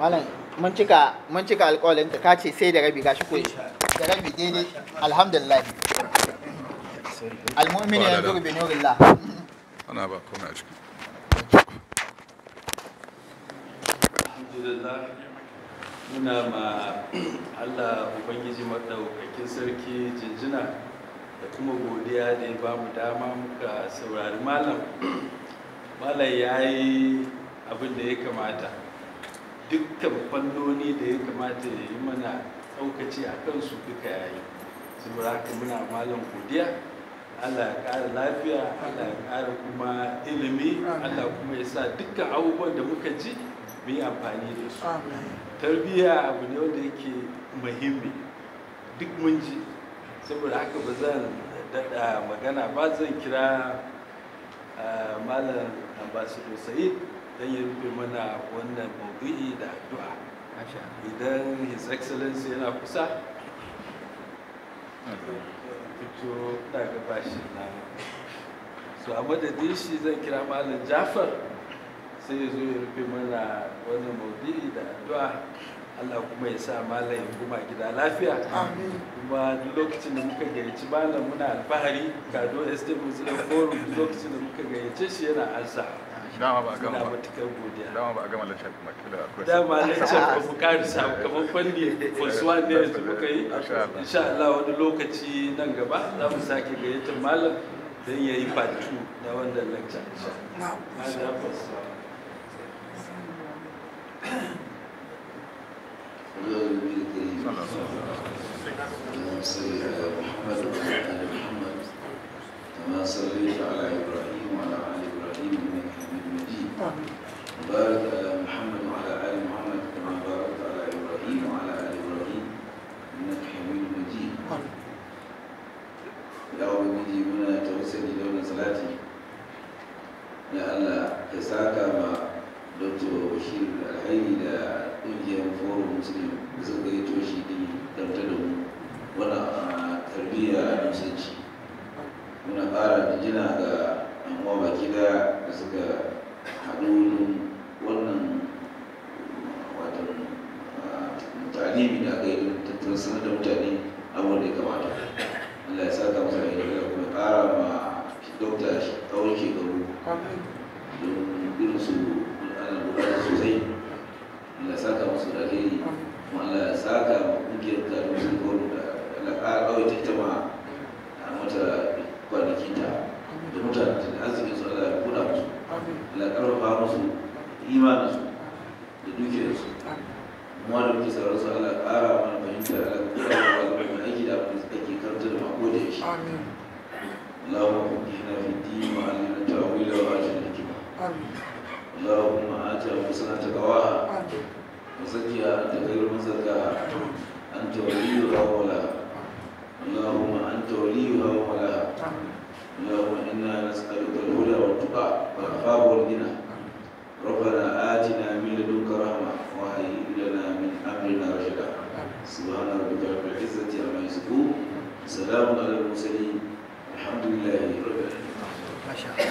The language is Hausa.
malam mun cika mun cika alƙawarin ka kace sai da rabi gashi ko da rabi daidai alhamdulillah almu'minu yanzuru bi nurillah ana ba komai a ciki alhamdulillah muna ma Allah ubangiji maɗaukakin sarki jinjina da kuma godiya da ya ba mu dama muka saurari malam malam ya yi abin da ya kamata dukkan fannoni da ya kamata ya yi mana ɗaukaci a kansu duka ya yi saboda haka muna malam godiya allah ya ƙara lafiya allah ya ƙara kuma ilimi allah kuma ya sa dukkan abubuwan da muka ji mu yi amfani da su tarbiyya abu ne wanda yake muhimmi duk mun ji saboda haka ba zan daɗa magana ba zan kira eh, malam ambassador sa'id don ya rufe mana wannan maudu'i da addu'a idan his excellence yana kusa fito daga bashi na so a madadin shi zan kira malam jafar sai yazo zo ya rufe mana wannan maudu'i da addu'a Allah kuma ya sa malam kuma gida lafiya kuma lokacin da muka gayyaci malam muna alfahari kado sd muslim forum lokacin da muka gayyace shi yana ansa dama ba a gama dama ba a gama lecture kuma kila akwai dama ba mu kamar fanni ne yanzu muka yi insha Allah wani lokaci nan gaba za mu sake gayyatar malam don ya yi part na wannan lecture insha Allah اللهم صليت على ابراهيم وعلى ال da allah ya saka ma dr bashir alhaini da ƙungiyar forum muslim da suka yi toshi din dauta da mu a tarbiyya a musulci muna ƙara jina ga yan baki da suka haɗu wannan wato talimi da aka yi tattalin sanar da mutane abubuwan da ya kamata Allah ya saka masa da kuma ƙara ma shi tsawon shekaru domin irin su ana lura sosai Allah saka musu da alheri kuma Allah ya saka ma kungiyar taron sun goro da Allah ƙara ƙawaita ita ma a mata kwanakin ta da mutane da arzikin su Allah ya buɗa musu Allah ya ƙarfafa musu imanin su da dukiyar su kuma da muke sauran su Allah ƙara mana fahimta Allah ya ƙara mana aiki da abin da ake karanta da mako da shi اللهم اهدنا في الدين وعلمنا التاويل وعلمنا الحكمه اللهم ات انفسنا تقواها وزكها انت خير من زكاها انت وليها ومولاها اللهم انت وليها ومولاها اللهم انا نسالك الهدى والتقى والعفاف والغنى ربنا اتنا من لدنك رحمه وهيئ لنا من امرنا رشدا سبحان ربك رب العزه عما يصفون سلام على المرسلين الحمد لله رب العالمين